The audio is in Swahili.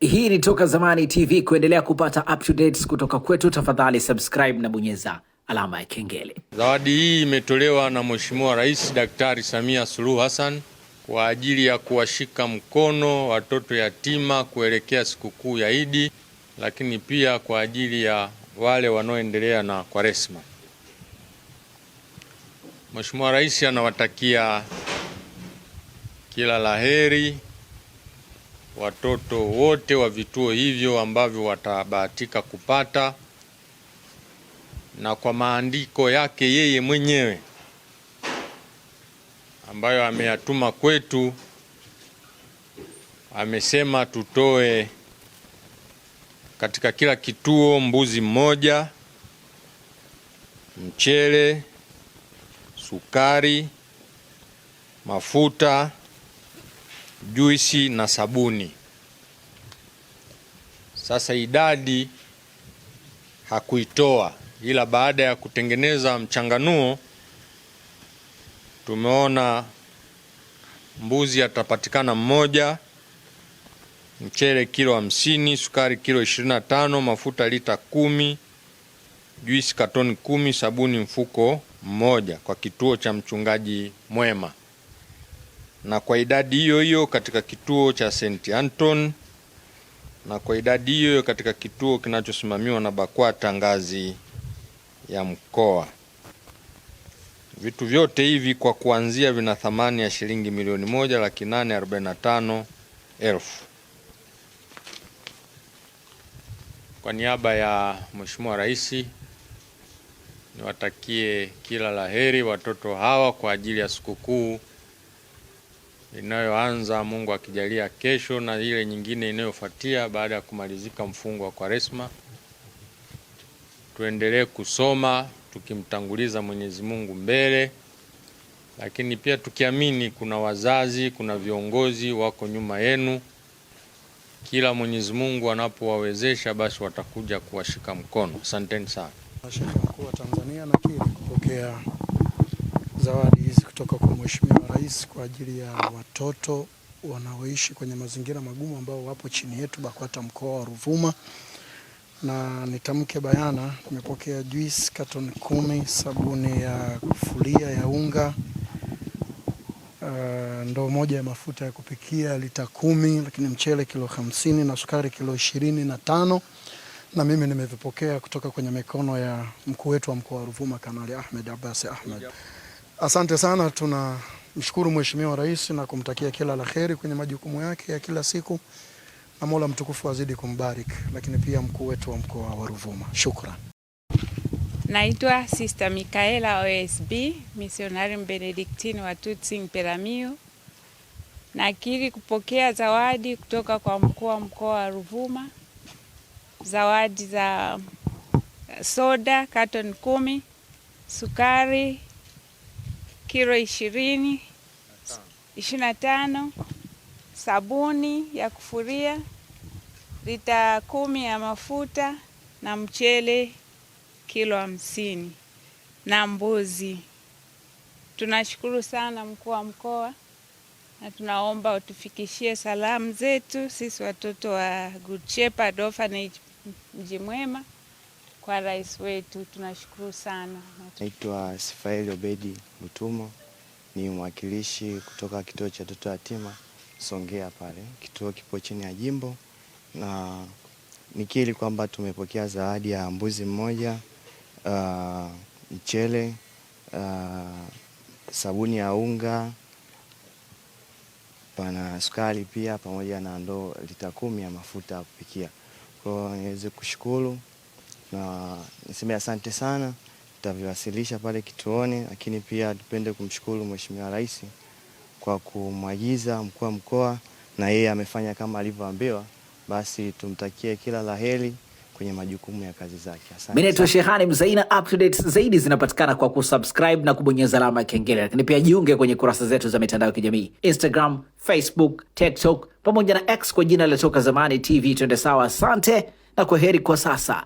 Hii ni Toka Zamani TV. Kuendelea kupata up to kutoka kwetu, tafadhali subscribe na bonyeza alama ya kengele. Zawadi hii imetolewa na Mheshimiwa Rais Daktari Samia Suluhu Hassan kwa ajili ya kuwashika mkono watoto yatima kuelekea sikukuu ya Idi, lakini pia kwa ajili ya wale wanaoendelea na Kwaresma. Mheshimiwa Rais anawatakia kila laheri watoto wote wa vituo hivyo ambavyo watabahatika kupata, na kwa maandiko yake yeye mwenyewe ambayo ameyatuma kwetu, amesema tutoe katika kila kituo mbuzi mmoja, mchele, sukari, mafuta juisi na sabuni. Sasa idadi hakuitoa, ila baada ya kutengeneza mchanganuo tumeona mbuzi atapatikana mmoja, mchele kilo hamsini, sukari kilo ishirini na tano, mafuta lita kumi, juisi katoni kumi, sabuni mfuko mmoja kwa kituo cha mchungaji mwema na kwa idadi hiyo hiyo katika kituo cha St. Anton na kwa idadi hiyo hiyo katika kituo kinachosimamiwa na BAKWATA ngazi ya mkoa. Vitu vyote hivi kwa kuanzia vina thamani ya shilingi milioni moja laki nane arobaini na tano elfu. Kwa niaba ya Mheshimiwa Rais niwatakie kila laheri watoto hawa kwa ajili ya sikukuu inayoanza Mungu akijalia kesho na ile nyingine inayofuatia baada ya kumalizika mfungo wa Kwaresma. Tuendelee kusoma tukimtanguliza Mwenyezi Mungu mbele, lakini pia tukiamini kuna wazazi, kuna viongozi wako nyuma yenu. Kila Mwenyezi Mungu anapowawezesha basi watakuja kuwashika mkono. Asanteni sana. Mkuu wa Tanzania nakiri kupokea zawadi hizi kutoka kwa Mheshimiwa Rais kwa ajili ya watoto wanaoishi kwenye mazingira magumu ambao wapo chini yetu BAKWATA mkoa wa Ruvuma. Na nitamke bayana, nimepokea juisi katoni kumi, sabuni ya kufulia ya unga Uh, ndoo moja ya mafuta ya kupikia lita kumi, lakini mchele kilo hamsini na sukari kilo ishirini na tano na mimi nimevipokea kutoka kwenye mikono ya mkuu wetu wa mkoa wa Ruvuma Kanali Ahmed Abbas Ahmed. Asante sana, tunamshukuru Mheshimiwa Rais na kumtakia kila la heri kwenye majukumu yake ya kila siku na Mola mtukufu azidi kumbariki, lakini pia mkuu wetu wa mkoa wa Ruvuma. Shukran. Naitwa Sister mikaela OSB misionari Benedictine wa Tutsing Peramio. Nakiri kupokea zawadi kutoka kwa mkuu wa mkoa wa Ruvuma, zawadi za soda katoni kumi, sukari kilo ishirini ishirini na tano sabuni ya kufuria lita kumi ya mafuta na mchele kilo hamsini na mbuzi. Tunashukuru sana mkuu wa mkoa, na tunaomba utufikishie salamu zetu sisi watoto wa Good Shepherd Orphanage Mji Mwema kwa rais wetu, tunashukuru sana. Naitwa Sifaeli Obedi Butumo, ni mwakilishi kutoka kituo cha watoto yatima Songea pale. Kituo kipo chini ya jimbo, na nikiri kwamba tumepokea zawadi ya mbuzi mmoja, uh, mchele, uh, sabuni ya unga, pana sukari pia pamoja na ndoo lita kumi ya mafuta ya kupikia. Kwa hiyo niweze kushukuru na niseme asante sana, tutaviwasilisha pale kituoni, lakini pia tupende kumshukuru Mheshimiwa Rais kwa kumwagiza mkuu wa mkoa na yeye amefanya kama alivyoambiwa, basi tumtakie kila laheri kwenye majukumu ya kazi zake. Mimi naitwa Shehani Mzaina. Updates zaidi zinapatikana kwa kusubscribe na kubonyeza alama ya kengele, lakini pia jiunge kwenye kurasa zetu za mitandao ya kijamii Instagram, Facebook, TikTok pamoja na X kwa jina la Toka Zamani TV. Twende sawa, asante na kwaheri kwa sasa.